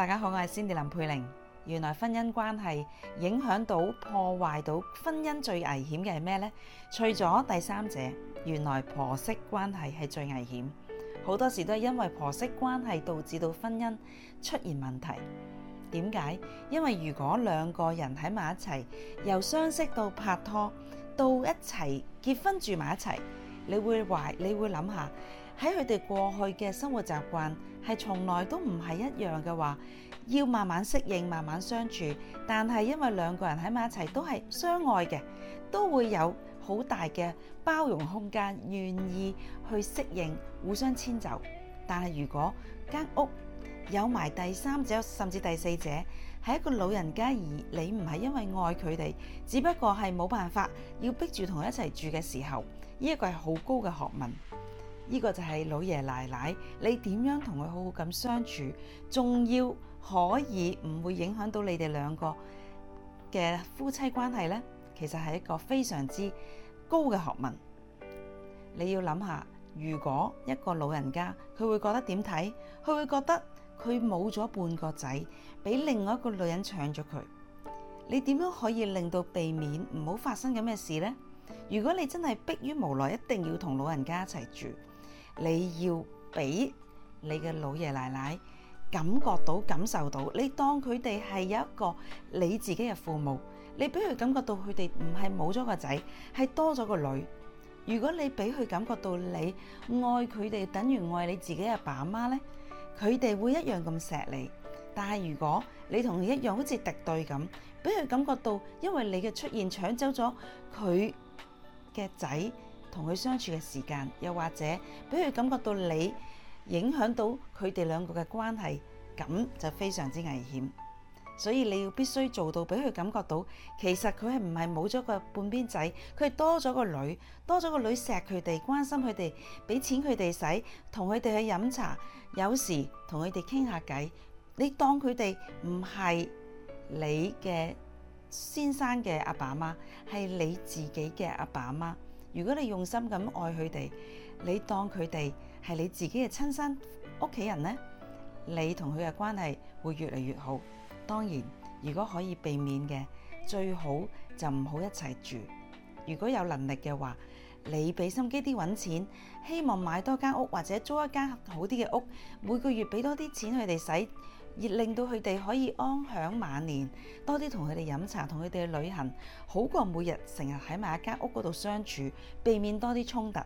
大家好，我係仙蒂林佩玲。原來婚姻關係影響到破壞到婚姻最危險嘅係咩呢？除咗第三者，原來婆媳關係係最危險。好多時都係因為婆媳關係導致到婚姻出現問題。點解？因為如果兩個人喺埋一齊，由相識到拍拖，到一齊結婚住埋一齊。你會懷，你會諗下，喺佢哋過去嘅生活習慣係從來都唔係一樣嘅話，要慢慢適應，慢慢相處。但係因為兩個人喺埋一齊都係相愛嘅，都會有好大嘅包容空間，願意去適應，互相遷就。但係如果間屋，有埋第三者甚至第四者，係一個老人家，而你唔係因為愛佢哋，只不過係冇辦法要逼住同佢一齊住嘅時候，呢一個係好高嘅學問。呢個就係老爺奶奶，你點樣同佢好好咁相處，仲要可以唔會影響到你哋兩個嘅夫妻關係咧？其實係一個非常之高嘅學問。你要諗下，如果一個老人家佢會覺得點睇？佢會覺得。佢冇咗半個仔，俾另外一個女人搶咗佢。你點樣可以令到避免唔好發生咁嘅事呢？如果你真係迫於無奈，一定要同老人家一齊住，你要俾你嘅老爺奶奶感覺到、感受到，你當佢哋係有一個你自己嘅父母，你俾佢感覺到佢哋唔係冇咗個仔，係多咗個女。如果你俾佢感覺到你愛佢哋，等於愛你自己嘅爸媽呢？佢哋會一樣咁錫你，但係如果你同佢一樣好似敵對咁，俾佢感覺到因為你嘅出現搶走咗佢嘅仔同佢相處嘅時間，又或者俾佢感覺到你影響到佢哋兩個嘅關係，咁就非常之危險。所以你要必須做到，俾佢感覺到其實佢係唔係冇咗個半邊仔，佢係多咗個女，多咗個女錫佢哋，關心佢哋，俾錢佢哋使，同佢哋去飲茶，有時同佢哋傾下偈。你當佢哋唔係你嘅先生嘅阿爸阿媽，係你自己嘅阿爸阿媽，如果你用心咁愛佢哋，你當佢哋係你自己嘅親生屋企人咧，你同佢嘅關係會越嚟越好。當然，如果可以避免嘅，最好就唔好一齊住。如果有能力嘅話，你俾心機啲揾錢，希望買多間屋或者租一間好啲嘅屋，每個月俾多啲錢佢哋使，而令到佢哋可以安享晚年，多啲同佢哋飲茶，同佢哋去旅行，好過每日成日喺埋一間屋嗰度相處，避免多啲衝突。